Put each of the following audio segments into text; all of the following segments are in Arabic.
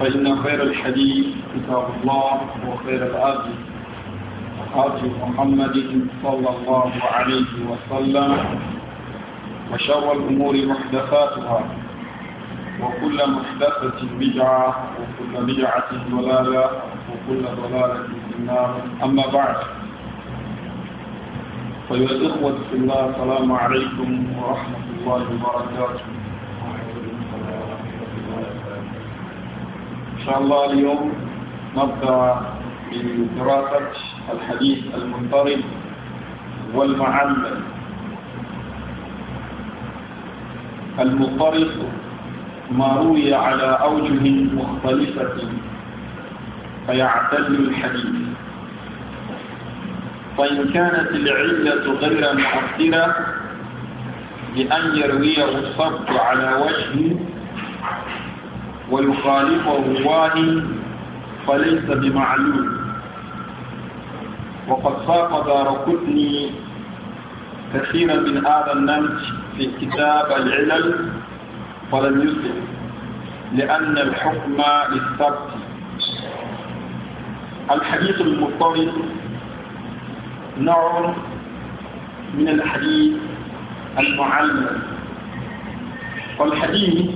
فإن خير الحديث كتاب الله وخير الأرض وخاتم محمد صلى الله عليه وسلم وشر الأمور محدثاتها وكل محدثة بدعة وكل بدعة ضلالة وكل ضلالة في النار أما بعد فيا إخوة الله السلام عليكم ورحمة الله وبركاته إن شاء الله اليوم نبدأ بدراسة الحديث المنطرد والمعلم المضطرب ما روي على أوجه مختلفة فيعتل الحديث فإن كانت العلة غير مؤثرة بأن يرويه الصبت على وجه ويخالفه واهي فليس بمعلوم وقد ساق دار قطني كثيرا من هذا النمج في كتاب العلل ولم يسلم لأن الحكم للثبت الحديث المضطرب نوع من الحديث المعلم والحديث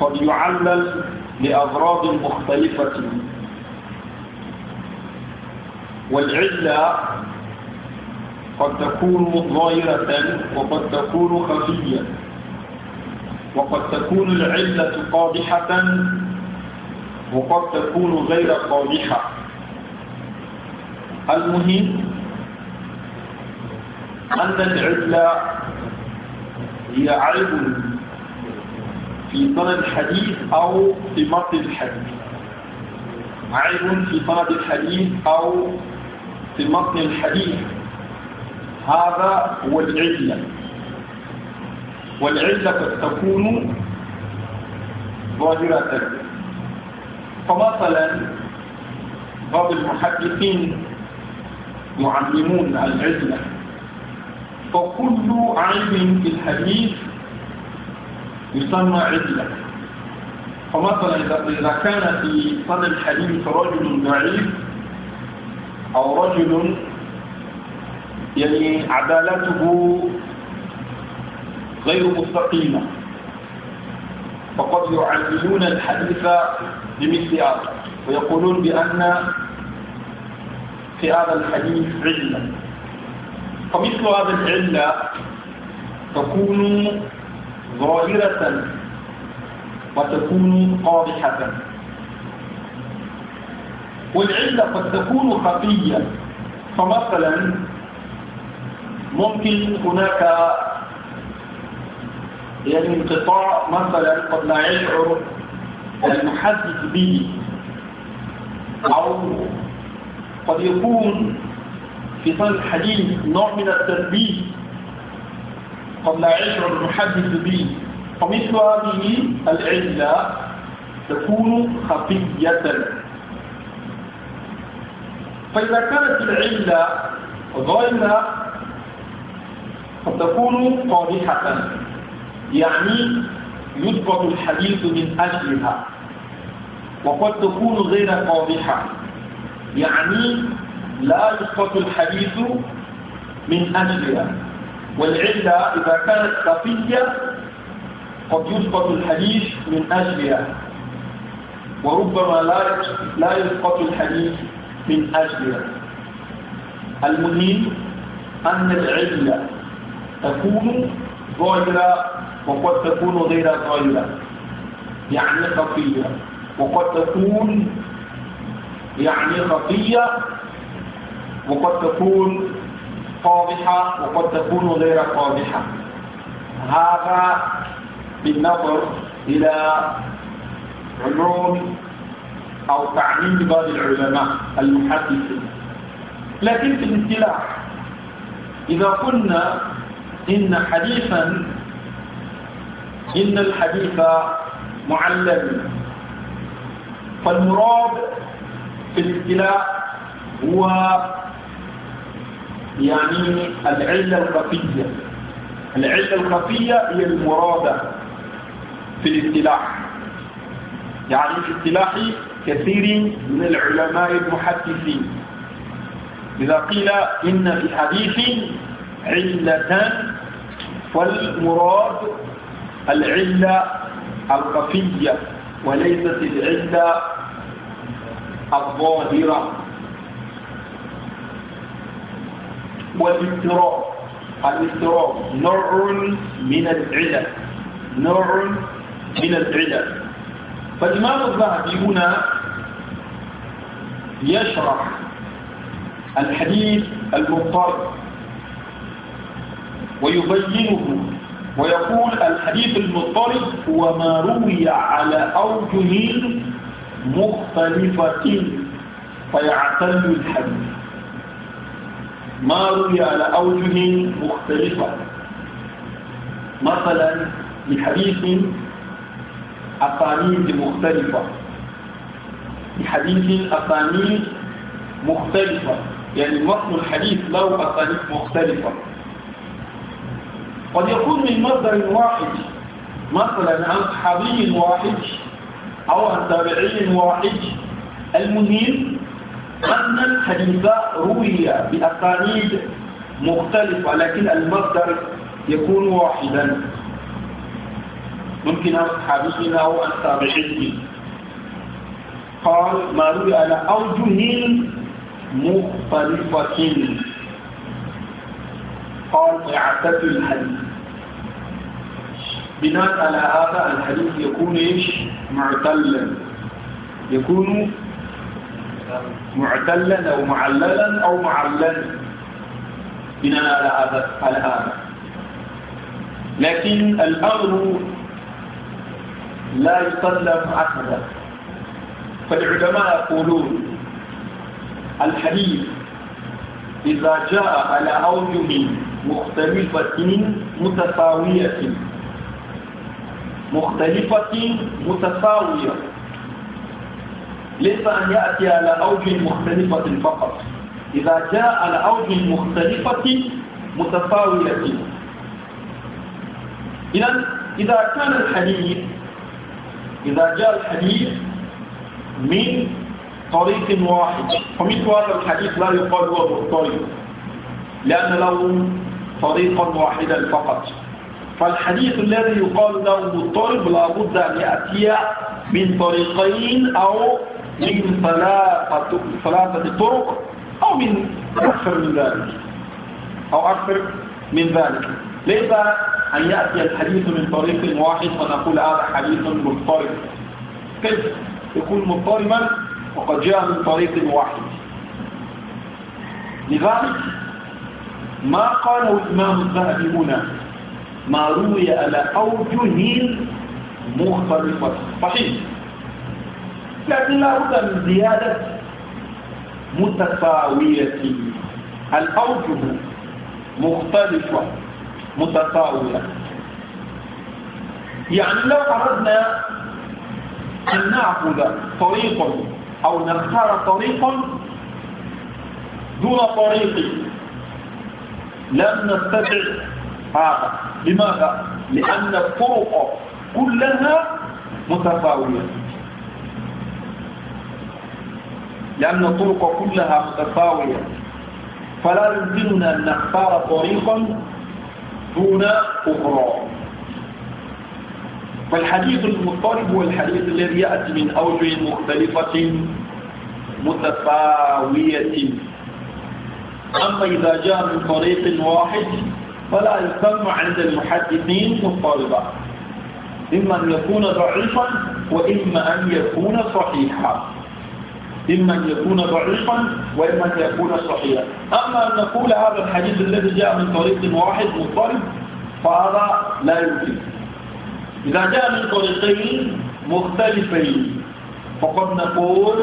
قد يعلل لأغراض مختلفة والعلة قد تكون ظاهرة وقد تكون خفية وقد تكون العلة قادحة وقد تكون غير قادحة المهم أن العلة هي عيب في طلب الحديث أو في متن الحديث عيب في طلب الحديث أو في متن الحديث هذا هو العلة والعلة تكون ظاهرة فمثلا بعض المحدثين يعلمون العلة فكل عيب في الحديث يسمى عدلة فمثلا إذا كان في صدر الحديث رجل ضعيف أو رجل يعني عدالته غير مستقيمة فقد يعللون الحديث بمثل هذا ويقولون بأن في هذا الحديث علة فمثل هذه العلة تكون ظاهرة وتكون قابحة والعلة قد تكون خفية فمثلا ممكن هناك يعني انقطاع مثلا قد لا يشعر المحدث به أو قد يكون في صنع الحديث نوع من التنبيه قبل عشر المحدث به فمثل هذه العلة تكون خفية فإذا كانت العلة غير فتكون قادحة يعني يثبت الحديث من أجلها وقد تكون غير قادحة يعني لا يثبت الحديث من أجلها والعلة إذا كانت خفية قد يسقط الحديث من أجلها وربما لا لا يسقط الحديث من أجلها المهم أن العلة تكون ظاهرة وقد تكون غير ظاهرة يعني خفية وقد تكون يعني خفية وقد تكون فاضحة وقد تكون غير فاضحة هذا بالنظر إلى علوم أو تعليم بعض العلماء المحدثين لكن في الاصطلاح إذا قلنا إن حديثا إن الحديث معلم فالمراد في الاصطلاح هو يعني العلة الخفية العلة الخفية هي المرادة في الاصطلاح يعني في اصطلاح كثير من العلماء المحدثين إذا قيل إن في حديث علة فالمراد العلة الخفية وليست العلة الظاهرة والاضطراب الاضطراب نوع من العلل نوع من العلل فالإمام الذهبي هنا يشرح الحديث المضطرب ويبينه ويقول الحديث المضطرب هو ما روي على أوجه مختلفة فيعتل الحديث ما روي على أوجه مختلفة مثلا لحديث أسانيد مختلفة لحديث أسانيد مختلفة يعني متن الحديث له أسانيد مختلفة قد يكون من مصدر واحد مثلا عن صحابي واحد أو عن تابعي واحد المهم أن الحديث روي بأسانيد مختلفة لكن المصدر يكون واحدا ممكن عن صحابينا أو أن تابعيه قال ما روي على أوجه مختلفة قال اعتدوا الحديث بناء على هذا الحديث يكون ايش معتلا يكون معتلا أو معللا أو معللا بناء على هذا على هذا لكن الأمر لا يسلم أحدا فالعلماء يقولون الحديث إذا جاء على أوجه مختلفة متساوية مختلفة متساوية ليس أن يأتي على أوجه مختلفة فقط إذا جاء على أوجه مختلفة متفاولة إذا إذا كان الحديث إذا جاء الحديث من طريق واحد فمثل هذا الحديث لا يقال هو مضطرب لأن له طريقا واحدا فقط فالحديث الذي يقال له مضطرب لابد أن يأتي من طريقين أو من ثلاثة ثلاثة طرق أو من أكثر من ذلك أو أكثر من ذلك ليس أن يأتي الحديث من طريق واحد ونقول هذا حديث مضطرب كيف يكون مضطربا وقد جاء من طريق واحد لذلك ما قاله الإمام الذهبي هنا ما روي على أوجه مختلفة صحيح لكن لا بد من زيادة متساوية الأوجه مختلفة متساوية يعني لو أردنا أن نأخذ طريقا أو نختار طريقا دون طريق لم نستطع هذا لماذا؟ لأن الطرق كلها متساوية لأن الطرق كلها متساوية فلا يمكننا أن نختار طريقا دون أخرى فالحديث المضطرب هو الحديث الذي يأتي من أوجه مختلفة متساوية أما إذا جاء من طريق واحد فلا يسمى عند المحدثين مضطربا إما أن يكون ضعيفا وإما أن يكون صحيحا إما أن يكون ضعيفا وإما أن يكون صحيحا أما أن نقول هذا الحديث الذي جاء من طريق واحد مضطرب فهذا لا يمكن إذا جاء من طريقين مختلفين فقد نقول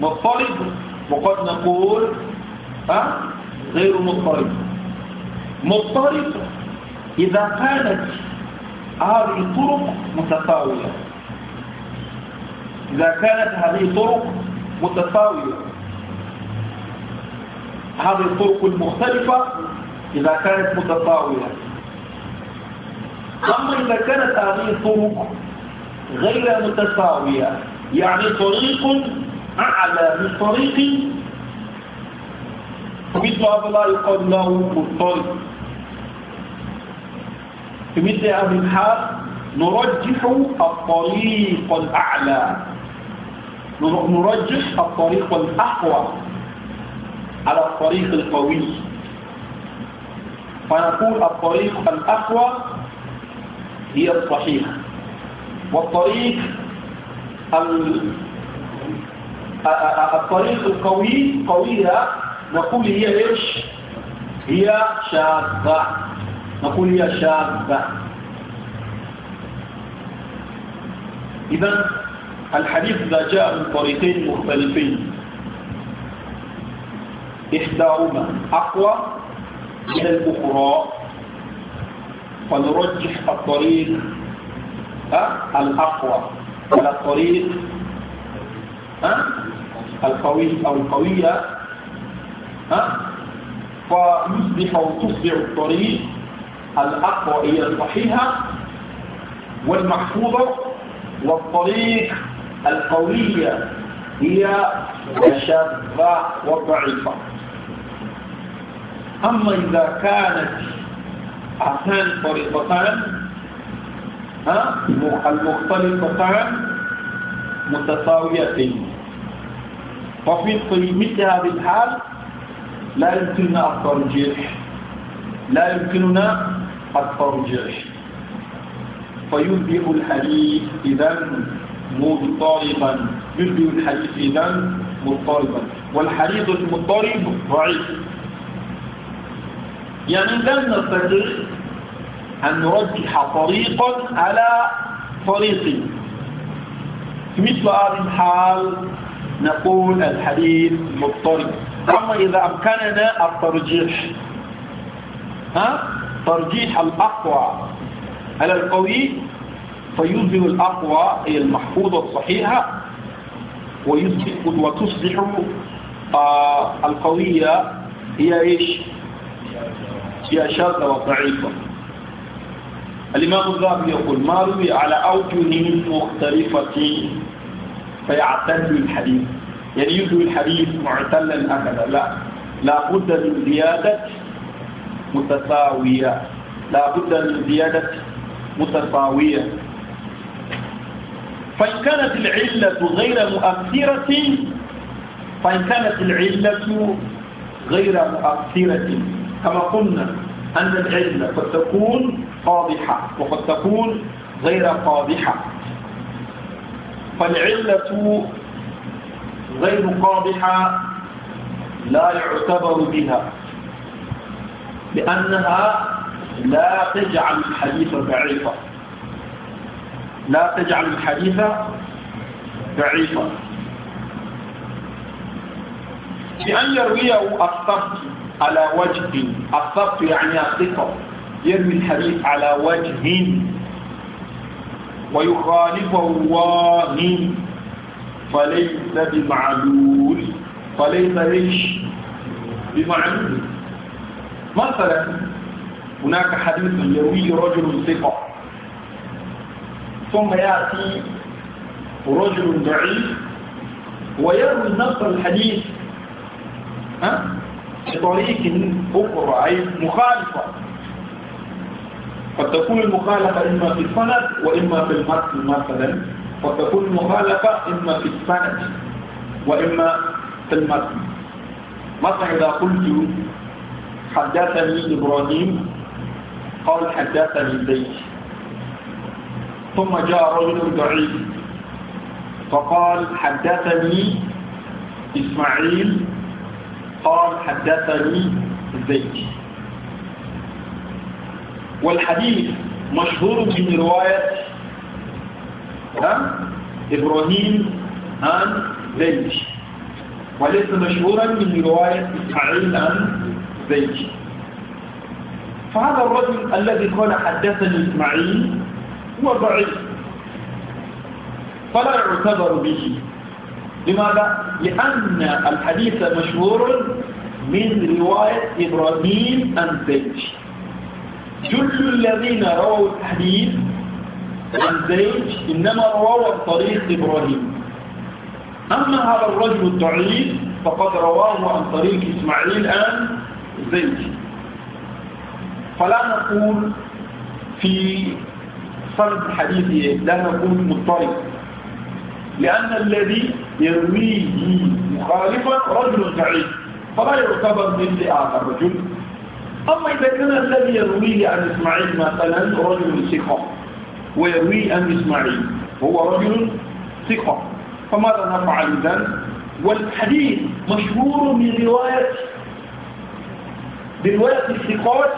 مضطرب وقد نقول أه؟ غير مضطرب مضطرب إذا كانت هذه الطرق متساوية إذا كانت هذه الطرق متساوية هذه الطرق المختلفة إذا كانت متساوية أما إذا كانت هذه الطرق غير متساوية يعني طريق أعلى من طريق فمثل هذا لا يقال له مضطرب في مثل هذه الحال نرجح الطريق الأعلى نرجح الطريق الأقوى على الطريق القوي فنقول الطريق الأقوى هي الصحيح والطريق الطريق القوي قوية نقول هي إيش هي شاذة نقول هي شاذة إذا الحديث ذا جاء من طريقين مختلفين إحداهما أقوى من الأخرى فنرجح الطريق الأقوى على الطريق القوي أو القوية فيصبح أو تصبح الطريق الأقوى هي الصحيحة والمحفوظة والطريق القوية هي شاذة وضعيفة أما إذا كانت أثنان طريقتان المختلفتان متساويتين ففي مثل هذه الحال لا يمكننا الترجيح لا يمكننا الترجيح فينبئ الحديث إذا مضطربا يشبه الحديث إذا مضطربا والحديث المضطرب ضعيف يعني لن نستطيع أن نرجح طريقا على طريق في مثل هذه الحال نقول الحديث مضطرب أما إذا أمكننا الترجيح ها ترجيح الأقوى على القوي فيظهر الأقوى هي المحفوظة الصحيحة وتصبح آه القوية هي إيش هي شاذة وضعيفة الإمام الذهبي يقول ما روي على أوجه مختلفة فيعتد الحديث يعني يبدو الحديث معتلا ابدا لا لا بد من زيادة متساوية لا بد من زيادة متساوية فإن كانت العلة غير مؤثرة فإن كانت العلة غير مؤثرة كما قلنا أن العلة قد تكون فاضحة وقد تكون غير قادحة فالعلة غير قادحة لا يعتبر بها لأنها لا تجعل الحديث ضعيفا لا تجعل الحديث ضعيفا بأن يرويه الثبت على وجه الثبت يعني الثقة يروي الحديث على وجه ويخالفه واهن فليس بمعلول فليس ليش بمعلول مثلا هناك حديث يرويه رجل ثقة ثم يأتي رجل ضعيف ويروي نص الحديث ها بطريق أخرى أي مخالفة قد تكون المخالفة إما في السند وإما في المتن مثلا قد تكون المخالفة إما في السند وإما في المتن مثلا إذا قلت حدثني إبراهيم قال حدثني بيتي ثم جاء رجل ضعيف فقال حدثني إسماعيل قال حدثني زيد والحديث مشهور من رواية إبراهيم عن زيد وليس مشهورا من رواية إسماعيل عن زيد فهذا الرجل الذي قال حدثني إسماعيل هو ضعيف فلا يعتبر به لماذا؟ لأن الحديث مشهور من رواية إبراهيم عن زيد جل الذين رووا الحديث عن زيد إنما رووا طريق إبراهيم أما هذا الرجل الضعيف فقد رواه عن طريق إسماعيل عن زيد فلا نقول في سند الحديث لا نكون مضطرب لأن الذي يرويه مخالفا رجل ضعيف فلا يعتبر مثل هذا الرجل أما إذا كان الذي يرويه عن إسماعيل مثلا رجل ثقة ويرويه عن إسماعيل هو رجل ثقة فماذا نفعل إذا؟ والحديث مشهور من رواية برواية الثقات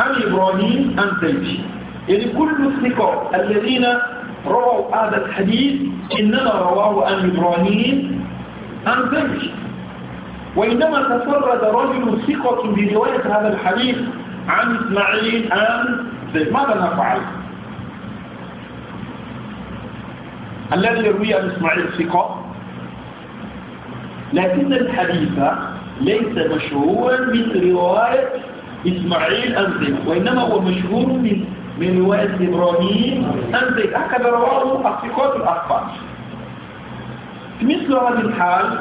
عن إبراهيم عن زيد يعني كل الثقة الذين رووا هذا الحديث إنما رواه عن إبراهيم عن ذلك وإنما تفرد رجل ثقة برواية هذا الحديث عن إسماعيل عن زيد ماذا نفعل؟ الذي يروي عن إسماعيل ثقة لكن الحديث ليس مشهورا من رواية إسماعيل عن زيد وإنما هو مشهور من من وقت إبراهيم أنزل أكد رواه الثقات الأخبار مثل هذا الحال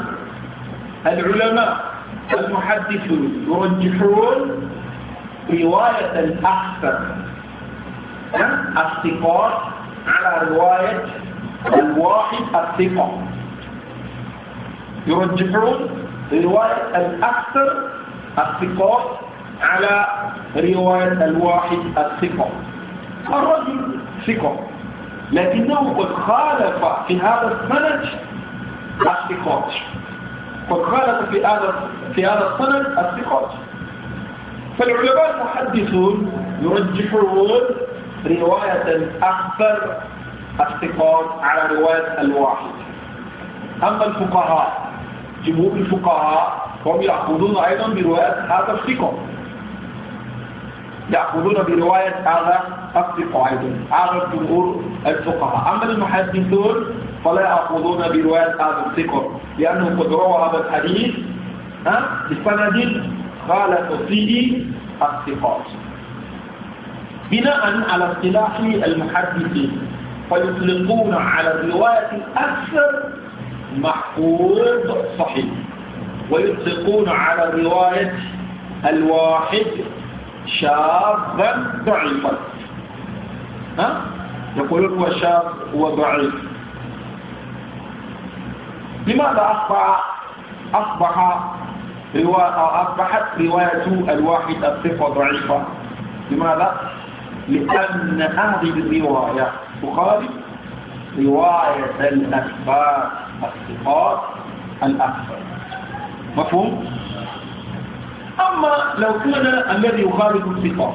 العلماء المحدثون يرجحون رواية الأحسن الثقات على رواية الواحد الثقة يرجحون رواية الأكثر الثقات على رواية الواحد الثقة الرجل ثقة لكنه قد خالف في هذا السند الثقات قد خالف في هذا في هذا السند الثقات فالعلماء المحدثون يرجحون رواية أكثر الثقات على رواية الواحد أما الفقهاء جمهور الفقهاء هم يأخذون أيضا برواية هذا الثقة يأخذون برواية هذا الفقهاء أيضا أعرف جمهور الفقهاء أما المحدثون فلا يأخذون برواية هذا الثقة لأنه قد روى هذا الحديث بسند خالف فيه الثقات بناء على اصطلاح المحدثين فيطلقون على الرواية الأكثر محفوظ صحيح ويطلقون على الرواية الواحد شاذا ضعيفا ها يقولون هو شاب هو ضعيف لماذا أصبح أصبح أصبحت رواية الواحد الثقة ضعيفة لماذا؟ لأن هذه الرواية تخالف رواية الأخبار الثقات الأكثر مفهوم؟ أما لو كان الذي يخالف الثقة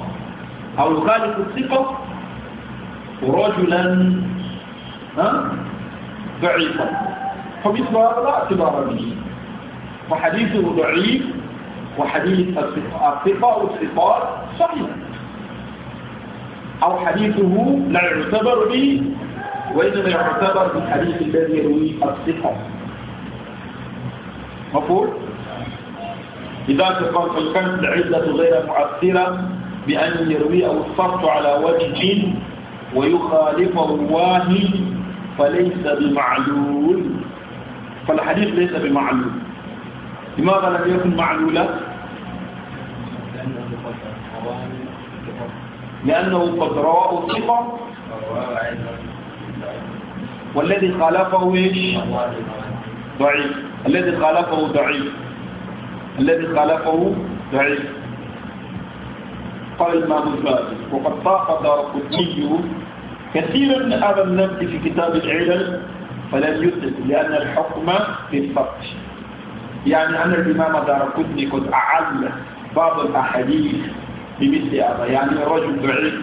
أو يخالف الثقة رجلا ضعيفا فمثل هذا لا اعتبار به وحديثه ضعيف وحديث الثقة والثقات صحيح أو حديثه لا يعتبر به وإنما يعتبر بالحديث الذي يروي الثقة مفهوم؟ إذا تقرأت الكنز العزة غير مؤثرة بأن يروي أو الصرف على وجه ويخالف الواهي فليس بمعلول فالحديث ليس بمعلول لماذا لم يكن معلولا لأنه قد رواه الثقة والذي خالفه ايش ضعيف الذي خالفه ضعيف الذي خالفه ضعيف قال الإمام الباقي وقد طاق دار قطني كثيرا من هذا النبذ في كتاب العلل فلم يثبت لأن الحكم في بالفقه يعني أن الإمام دار قطني قد أعل بعض الأحاديث بمثل هذا يعني الرجل ضعيف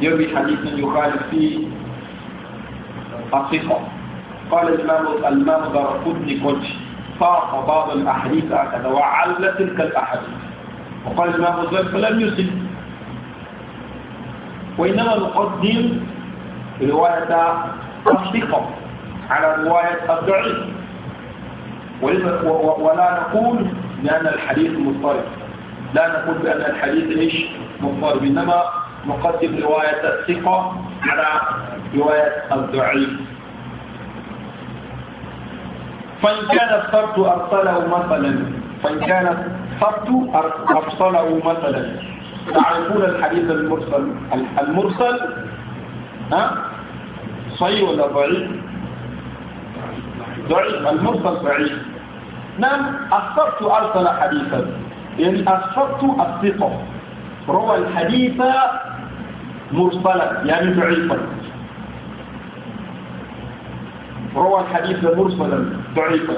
يروي حديثا يخالف فيه الثقة قال الإمام الإمام دار قطني قد طاق بعض الأحاديث هكذا وعل تلك الأحاديث وقال الإمام الزهري فلم يسلم وإنما نقدم رواية الثقة على رواية الضعيف ولا نقول بأن الحديث مضطرب لا نقول بأن الحديث إيش مضطرب إنما نقدم رواية الثقة على رواية الضعيف فإن كان الصرف أرسله مثلا وإن كانت السبت أفصله مثلا تعرفون الحديث المرسل المرسل ها صحيح ولا ضعيف؟ ضعيف المرسل ضعيف نعم السبت أرسل حديثا يعني السبت الثقة روى الحديث مرسلا يعني ضعيفا روى الحديث مرسلا ضعيفا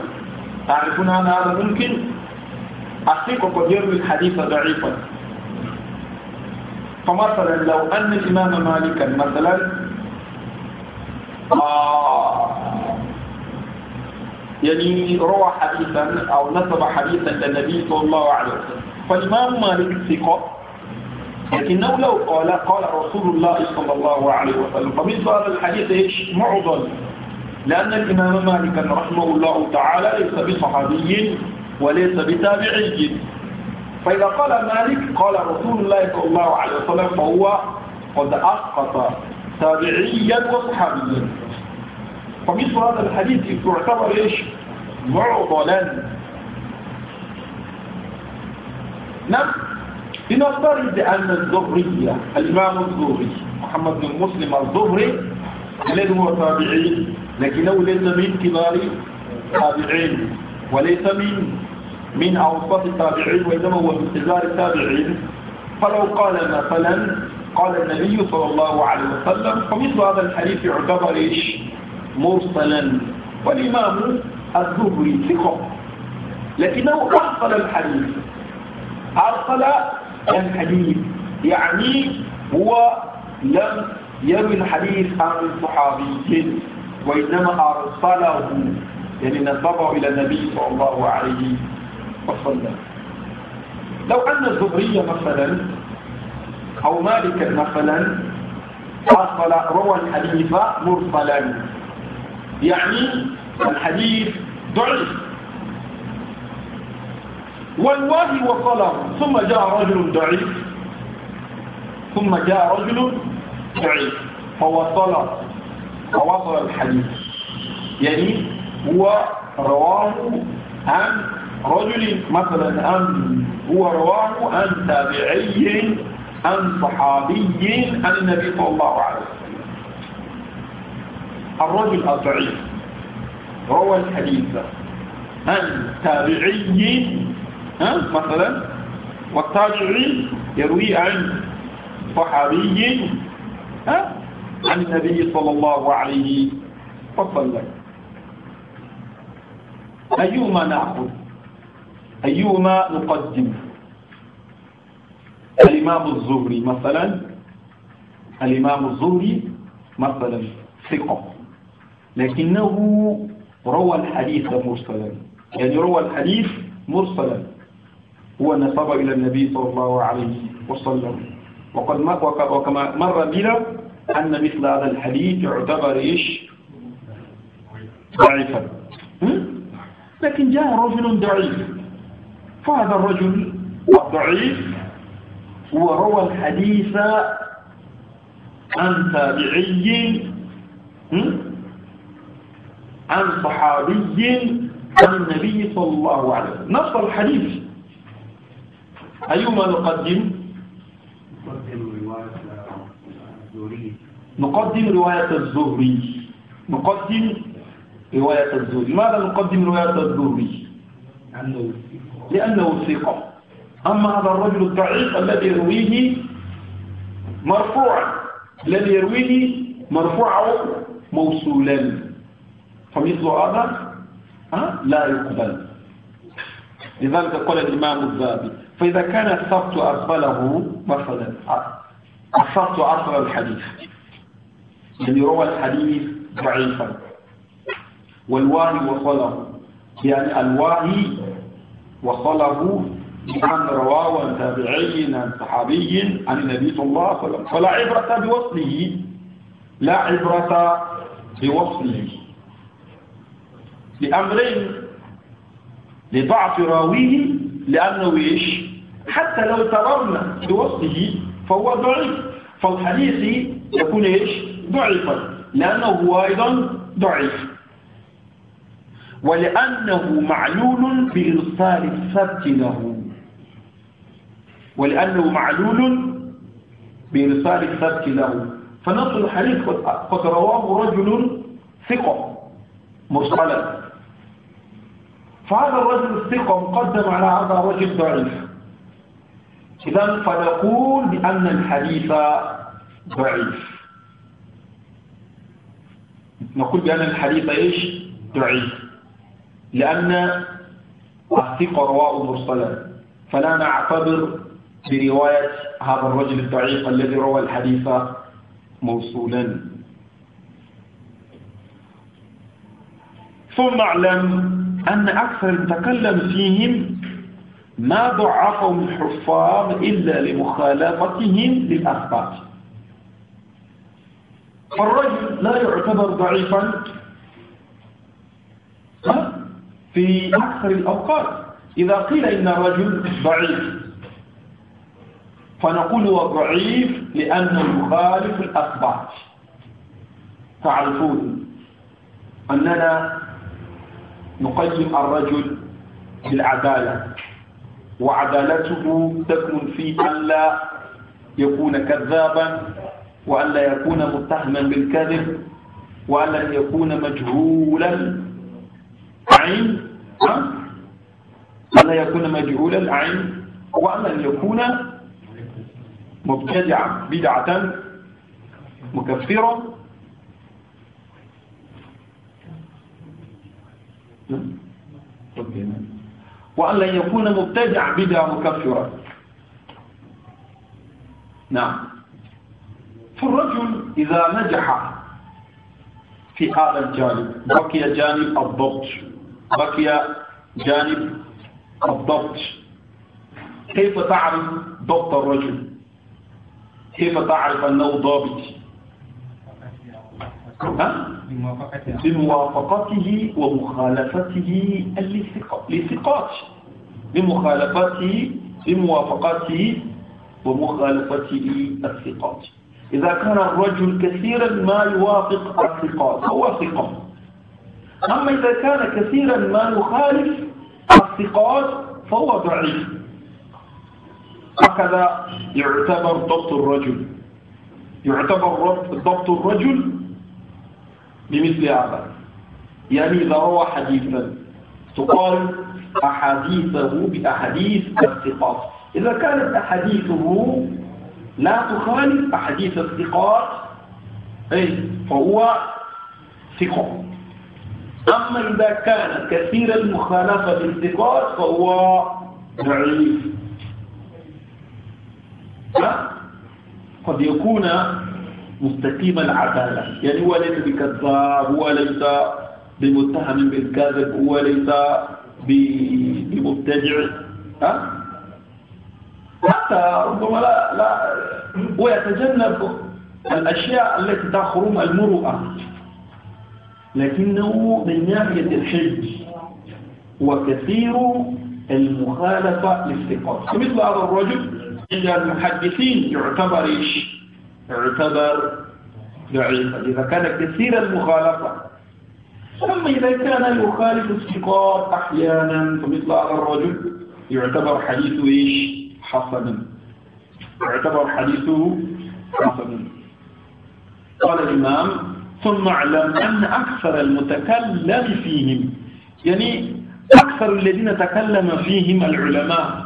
تعرفون أن هذا ممكن أخيكم قد يروي الحديث ضعيفا فمثلا لو أن الإمام مالكا مثلا آه يعني روى حديثا أو نسب حديثا للنبي صلى الله عليه وسلم فالإمام مالك ثقة لكنه لو قال قال رسول الله صلى الله عليه وسلم فمثل هذا الحديث ايش؟ معضل لأن الإمام مالكا رحمه الله تعالى ليس بصحابي وليس بتابعي فإذا قال مالك قال رسول الله صلى الله عليه وسلم فهو قد أسقط تابعيا وصحابيا فمثل هذا الحديث يعتبر ايش؟ معضلا نعم لنفترض أن الزهري الإمام الزهري محمد بن مسلم الزهري الذي هو تابعي لكنه ليس من كبار تابعين وليس من من أوصاف التابعين وإنما هو انتظار التابعين فلو قال مثلا قال النبي صلى الله عليه وسلم فمثل هذا الحديث يعتبر ايش؟ مرسلا والإمام الزهري ثقة لكنه أرسل الحديث أرسل الحديث يعني هو لم يروي الحديث عن صحابي وإنما أرسله يعني نسبه إلى النبي صلى الله عليه فصلى لو أن الزهري مثلا أو مالكا مثلا أرسل روى الحديث مرسلا يعني الحديث ضعيف والواهي وصله ثم جاء رجل ضعيف ثم جاء رجل ضعيف فوصل فوصل الحديث يعني هو رواه عن رجل مثلا أم هو رواه عن تابعي عن صحابي عن النبي صلى الله عليه وسلم الرجل الضعيف روى الحديث عن تابعي أه مثلا والتابعي يروي عن صحابي أه عن النبي صلى الله عليه وسلم أيما نأخذ أيهما نقدم الإمام الزهري مثلا الإمام الزهري مثلا ثقة لكنه روى الحديث مرسلا يعني روى الحديث مرسلا هو نسب إلى النبي صلى الله عليه وسلم وقد وكما مر بنا أن مثل هذا الحديث يعتبر إيش ضعيفا لكن جاء رجل ضعيف فهذا الرجل الضعيف هو روى الحديث عن تابعي عن صحابي عن النبي صلى الله عليه وسلم نص الحديث أيما نقدم نقدم رواية الزهري نقدم رواية الزهري ماذا نقدم رواية الزهري عنه لأنه ثقة أما هذا الرجل الضعيف الذي يرويه مرفوع الذي يرويه مرفوع موصولا فمثل هذا لا يقبل لذلك قال الإمام الذهبي فإذا كان الثبت أقبله مثلا الثبت أقبل الحديث يعني روى الحديث ضعيفا والواهي وصله يعني الواهي وطلبوا عن رواه عن تابعي عن صحابي عن النبي صلى الله عليه وسلم فلا عبرة بوصله لا عبرة بوصله لأمرين لضعف راويه لأنه إيش حتى لو اعتبرنا بوصله فهو ضعيف فالحديث يكون إيش ضعيفا لأنه هو أيضا ضعيف ولأنه معلول بإرسال الثبت له ولأنه معلول بإرسال الثبت له فنص الحديث قد رواه رجل ثقة مرسلا فهذا الرجل الثقة مقدم على هذا الرجل ضعيف إذا فنقول بأن الحديث ضعيف نقول بأن الحديث إيش ضعيف لأن الثقة رواه مرسلا فلا نعتبر برواية هذا الرجل الضعيف الذي روى الحديث موصولا ثم اعلم أن أكثر تكلم فيهم ما ضعفهم الحفاظ إلا لمخالفتهم للأثبات فالرجل لا يعتبر ضعيفا في أكثر الأوقات إذا قيل إن الرجل ضعيف فنقول هو ضعيف لأنه يخالف الأثبات تعرفون أننا نقيم الرجل بالعدالة وعدالته تكمن في أن لا يكون كذابا وأن لا يكون متهما بالكذب وأن لا يكون مجهولا عند ألا يكون مجهول العين وأن يكون مبتدعا بدعة مكفرا وأن لن يكون مبتدع بدعة مكفرة نعم فالرجل إذا نجح في هذا الجانب بقي جانب الضبط بقي جانب الضبط كيف تعرف ضبط الرجل كيف تعرف أنه ضابط بموافقته ومخالفته للثقات بمخالفته بموافقته ومخالفته الثقات إذا كان الرجل كثيرا ما يوافق الثقات هو ثقة أما إذا كان كثيرا ما يخالف الثقات فهو ضعيف هكذا يعتبر ضبط الرجل يعتبر ضبط الرجل بمثل هذا يعني إذا روى حديثا تقال أحاديثه بأحاديث الثقات إذا كانت أحاديثه لا تخالف أحاديث الثقات أي فهو ثقة أما إذا كان كثير المخالفة بالثقات فهو ضعيف قد يكون مستقيم العدالة يعني هو ليس بكذاب هو ليس بمتهم بالكذب هو ليس بمبتدع ها حتى ربما لا لا ويتجنب الأشياء التي تخرم المروءة لكنه من ناحية الحج وكثير المخالفة للثقات فمثل هذا الرجل عند المحدثين يعتبر إيش يعتبر ضعيفا إذا كان كثير المخالفة أما إذا كان يخالف الثقات أحيانا فمثل هذا الرجل يعتبر حديثه إيش حسنا يعتبر حديثه حسنا قال الإمام ثم اعلم أن أكثر المتكلم فيهم يعني أكثر الذين تكلم فيهم العلماء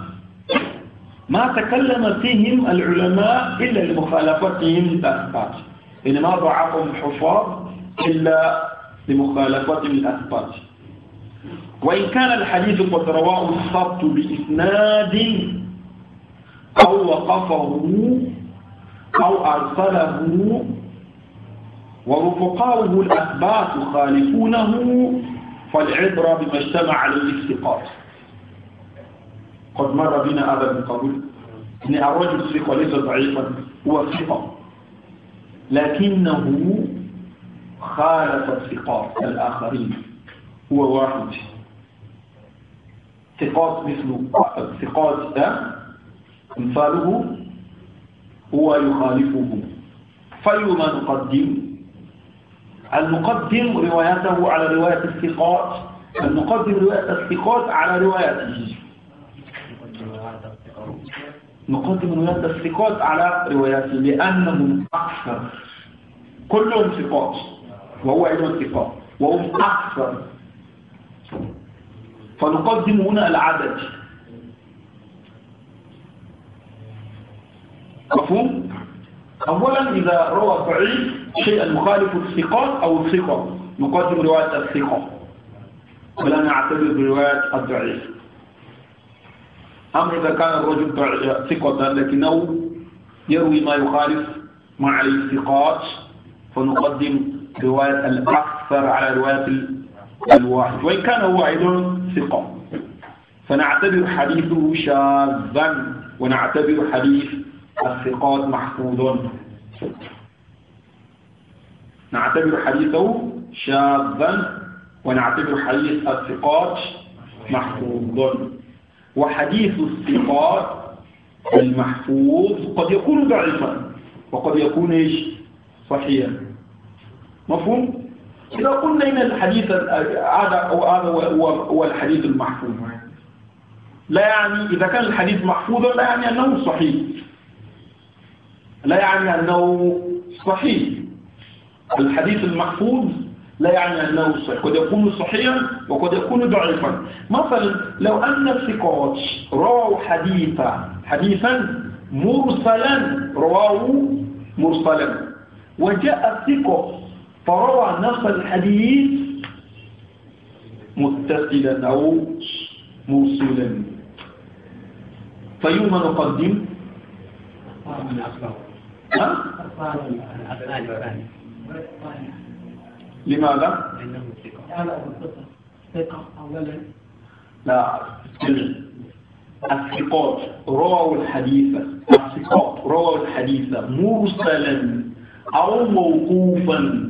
ما تكلم فيهم العلماء إلا لمخالفتهم الأثبات يعني ما ضعفهم الحفاظ إلا لمخالفتهم الأثبات وإن كان الحديث قد رواه الصبت بإسناد أو وقفه أو أرسله ورفقاؤه الأثبات يخالفونه فالعبرة بما اجتمع على الاستقاط قد مر بنا هذا من قبل إن الرجل ثقة ليس ضعيفا هو ثقة لكنه خالف الثقات الآخرين هو واحد ثقات مثل الثقات أمثاله هو يخالفه فأيما نقدم المقدم روايته على رواية الثقات المقدم رواية الثقات على رواية نقدم رواية الثقات على روايات لأنهم أكثر كلهم ثقات وهو علم الثقات وهم أكثر فنقدم هنا العدد مفهوم؟ أولا إذا روى ضعيف شيئا مخالف الثقات أو الثقة نقدم رواية الثقة ولا نعتبر برواية الضعيف أما إذا كان الرجل ثقة لكنه يروي ما يخالف ما عليه الثقات فنقدم رواية الأكثر على رواية الواحد وإن كان هو أيضا ثقة فنعتبر حديثه شاذا ونعتبر حديث الثقات محفوظ نعتبر حديثه شاذا ونعتبر حديث الثقات محفوظ وحديث الثقات المحفوظ قد يكون ضعيفا وقد يكون ايش صحيحا مفهوم إذا قلنا إن الحديث هذا أو هذا هو الحديث المحفوظ لا يعني إذا كان الحديث محفوظا لا يعني أنه صحيح لا يعني أنه صحيح الحديث المحفوظ لا يعني أنه صحيح قد يكون صحيحا وقد يكون ضعيفا مثلا لو أن الثقات رووا حديثا حديثا مرسلا رواه مرسلا وجاء الثقة فروى نفس الحديث متصلا أو مرسلا فيما نقدم؟ لماذا؟ لأنه ثقة أولا لا الثقات رووا الحديث الثقات رووا الحديث مرسلا أو موقوفا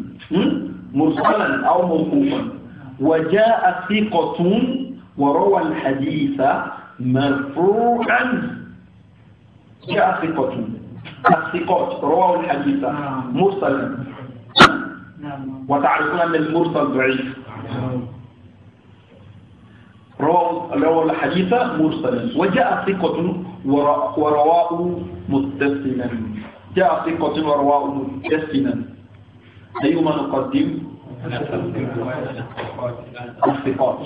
مرسلا أو موقوفا وجاء ثقة وروى الحديث مرفوعا جاء ثقة الثقات رواه الحديث نعم. مرسلا نعم. وتعرفون أن المرسل ضعيف رواه الحديث مرسلا وجاء ثقة ورواه متسنا جاء ثقة ورواه متسنا أيما نقدم؟ الثقات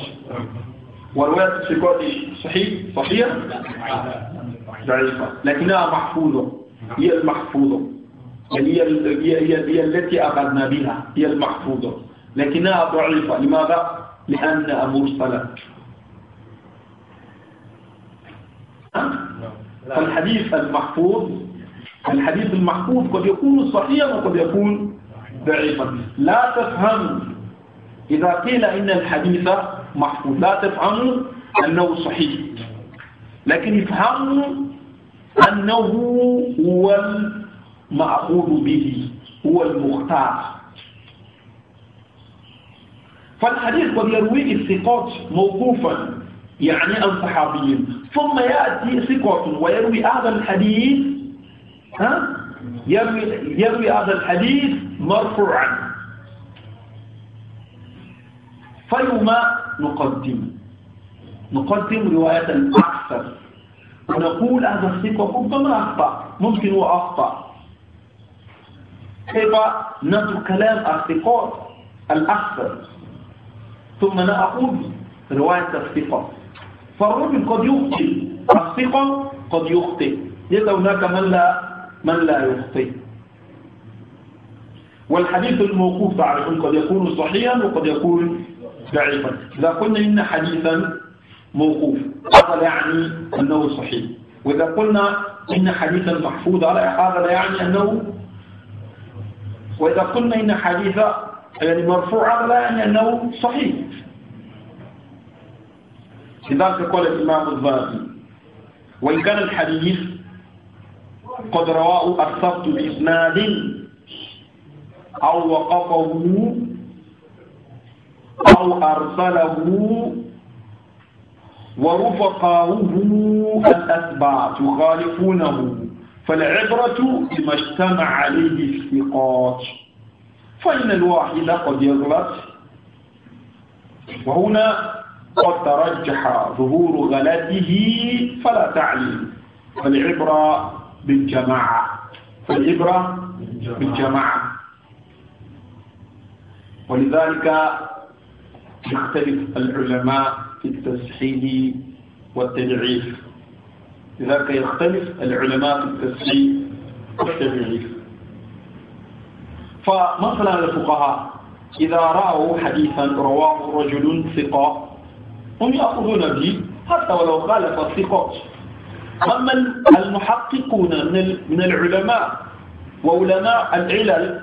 ورواية الثقات صحيح صحيح ضعيفة لكنها محفوظة هي المحفوظة يعني هي, هي, هي, هي التي أخذنا بها هي المحفوظة لكنها ضعيفة لماذا؟ لأنها مرسلة فالحديث المحفوظ الحديث المحفوظ قد يكون صحيحا وقد يكون ضعيفا لا تفهم إذا قيل إن الحديث محفوظ لا تفهم أنه صحيح لكن افهموا أنه هو المعقول به هو المختار فالحديث قد يرويه الثقات موقوفا يعني عن صحابيين ثم يأتي ثقات ويروي هذا الحديث ها يروي, يروي هذا الحديث مرفوعا فيما نقدم نقدم رواية أكثر ونقول هذا الثقة ربما أخطأ ممكن هو أخطأ كيف نترك كلام الثقات الأكثر ثم نأخذ رواية الثقة فالرجل قد يخطئ الثقة قد يخطئ ليس هناك من لا من لا يخطئ والحديث الموقوف تعرفون قد يكون صحيحا وقد يكون ضعيفا إذا قلنا إن حديثا موقوف هذا لا يعني أنه صحيح وإذا قلنا إن حديثا محفوظا هذا لا يعني أنه وإذا قلنا إن حديثا يعني مرفوع هذا لا يعني أنه صحيح لذلك قال الإمام الظاهري وإن كان الحديث قد رواه الثبت بإسناد أو وقفه أو أرسله ورفقاؤه الأتباع يخالفونه فالعبرة بما اجتمع عليه الثقات فإن الواحد قد يغلط وهنا قد ترجح ظهور غلطه فلا تعليم فالعبرة بالجماعة فالعبرة بالجماعة ولذلك يختلف العلماء في التسحيل والتجعيف لذلك يختلف العلماء في التسحيل والتجعيف فمثلا الفقهاء إذا رأوا حديثا رواه رجل ثقة هم يأخذون به حتى ولو خالف الثقة أما المحققون من العلماء وعلماء العلل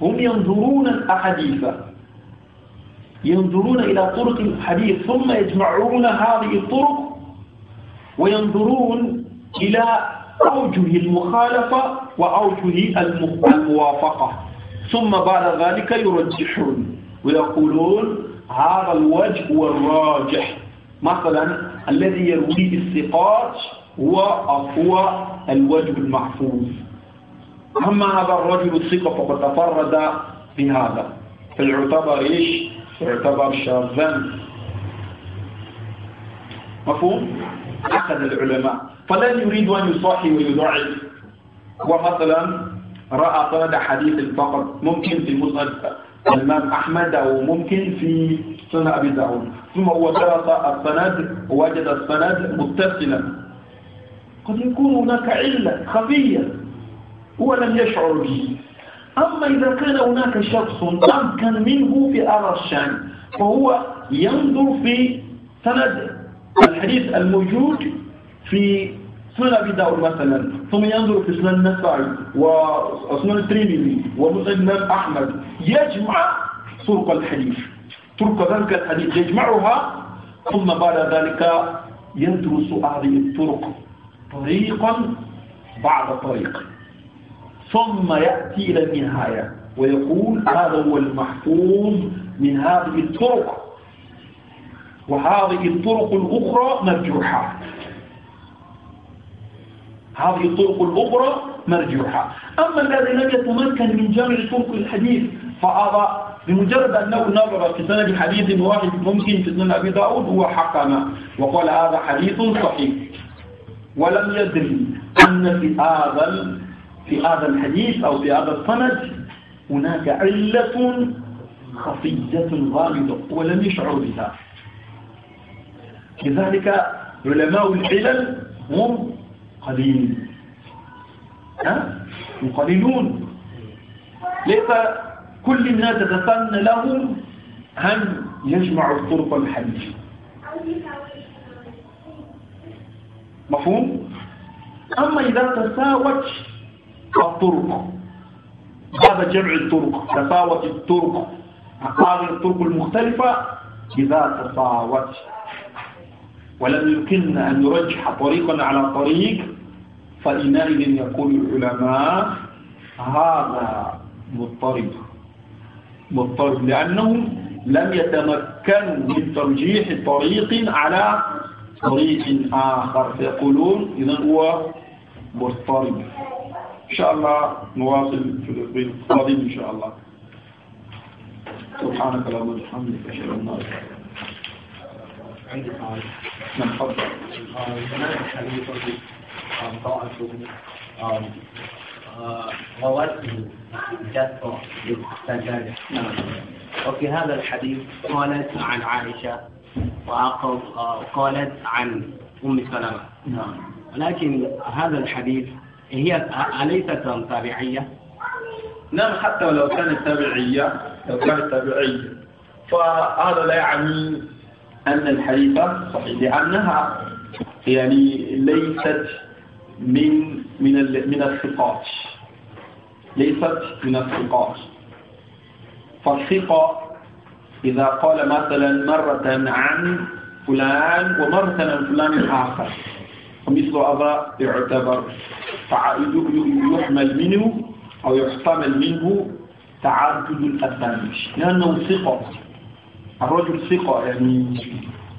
هم ينظرون الأحاديث ينظرون إلى طرق الحديث ثم يجمعون هذه الطرق وينظرون إلى أوجه المخالفة وأوجه الموافقة ثم بعد ذلك يرجحون ويقولون هذا الوجه هو الراجح مثلا الذي يرويه الثقات هو هو الوجه المحفوظ أما هذا الرجل الثقة فقد تفرد بهذا فيعتبر إيش يعتبر شاذا مفهوم أحد العلماء فلن يريد أن يصاحي ويضعف ومثلا رأى طرد حديث فقط ممكن في مصنف الإمام أحمد أو ممكن في سنة أبي داود ثم هو درس السند وجد السند متصلا قد يكون هناك علة خفية هو لم يشعر به أما إذا كان هناك شخص أمكن منه في أرى الشام فهو ينظر في سند الحديث الموجود في سنن أبي داود مثلا ثم ينظر في سنن النسائي وسنن الترمذي ومسند أحمد يجمع طرق الحديث طرق ذلك الحديث يجمعها ثم بعد ذلك يدرس هذه الطرق طريقا بعد طريق ثم يأتي إلى النهاية ويقول هذا هو المحفوظ من هذه الطرق وهذه الطرق الأخرى مرجوحة هذه الطرق الأخرى مرجوحة أما الذي لم يتمكن من جمع طرق الحديث فهذا بمجرد أنه نظر في سنة حديث واحد ممكن في سنة أبي داود هو حقنا وقال هذا حديث صحيح ولم يدري أن في هذا في هذا الحديث أو في هذا الصند هناك علة خفية غامضة ولم يشعر بها لذلك علماء العلل هم قليل ها؟ هم قليلون ليس كل الناس تتسنى لهم أن يجمعوا الطرق الحديث مفهوم؟ أما إذا تساوت الطرق هذا جمع الطرق تفاوت الطرق هذه الطرق المختلفة إذا تفاوت ولم يمكننا أن نرجح طريقا على طريق فإنئذ يقول العلماء هذا مضطرب مضطرب لأنهم لم يتمكنوا من ترجيح طريق على طريق آخر فيقولون إذا هو مضطرب إن شاء الله نواصل في الأسبوع القادم إن شاء الله سبحانك اللهم وبحمدك أشهد أن لا إله إلا أنت عندي سؤال نعم تفضل انا حبيبي طبعا مواد جاءت للسجادة وفي هذا الحديث قالت عن عائشة وقالت عن أم سلمة نعم. لكن هذا الحديث هي أليست تابعية؟ نعم حتى لو كانت تابعية لو كانت تابعية فهذا لا يعني أن الحديث صحيح لأنها يعني ليست من من من الثقات ليست من الثقات فالثقة إذا قال مثلا مرة عن فلان ومرة عن فلان آخر ومثل هذا يعتبر يحمل منه أو يحتمل منه تعدد الأسانيد لأنه ثقة الرجل ثقة يعني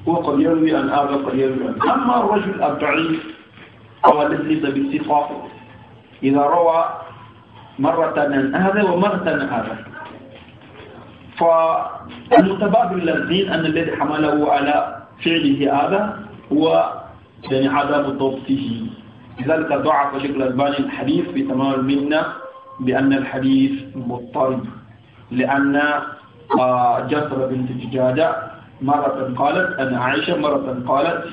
هو قد يروي عن هذا قد يروي عن أما الرجل الضعيف أو الذي ليس بالثقة إذا روى مرة من هذا ومرة من هذا فالمتبادل للدين أن الذي حمله على فعله هذا هو يعني عدم ضبطه لذلك ضعف شيخ الألباني الحديث في تمام المنة بأن الحديث مضطرب لأن آه، جسر بنت ججادة مرة قالت أن عائشة مرة قالت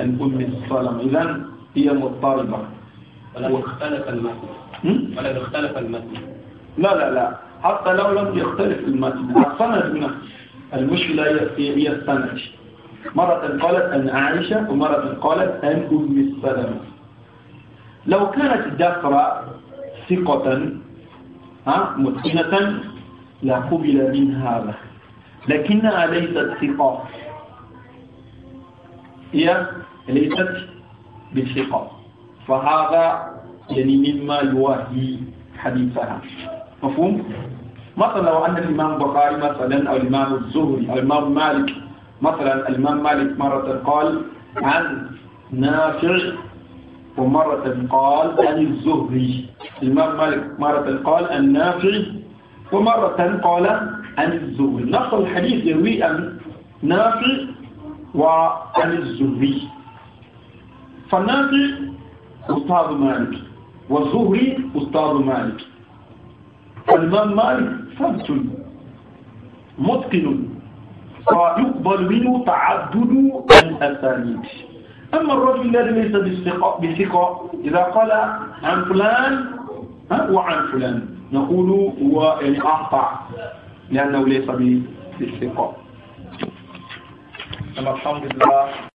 أن أم سلمة إذا هي مضطربة ولن اختلف المتن ولن اختلف المتن لا لا لا حتى لو لم يختلف المتن السند من المشكلة هي السند مرة قالت أن عائشة ومرة قالت أن أم السلمة لو كانت الدفرة ثقة متقنة لقبل من هذا لكنها ليست ثقة هي ليست بالثقة فهذا يعني مما يوهي حديثها مفهوم؟ مثلا لو أن الإمام البخاري مثلا أو الإمام الزهري أو الإمام مالك مثلا الإمام مالك مرة قال عن نافع ومرة قال عن الزهري الإمام مالك مرة قال عن نافع ومرة قال عن الزهري نفس الحديث يروي عن نافع وعن الزهري فنافع أستاذ مالك والزهري أستاذ مالك فالإمام مالك ثبت متقن فيقبل منه تعدد الأساليب أما الرجل الذي ليس بثقة إذا قال عن فلان وعن فلان نقول هو يعني أخطأ لأنه ليس بالثقة الحمد لله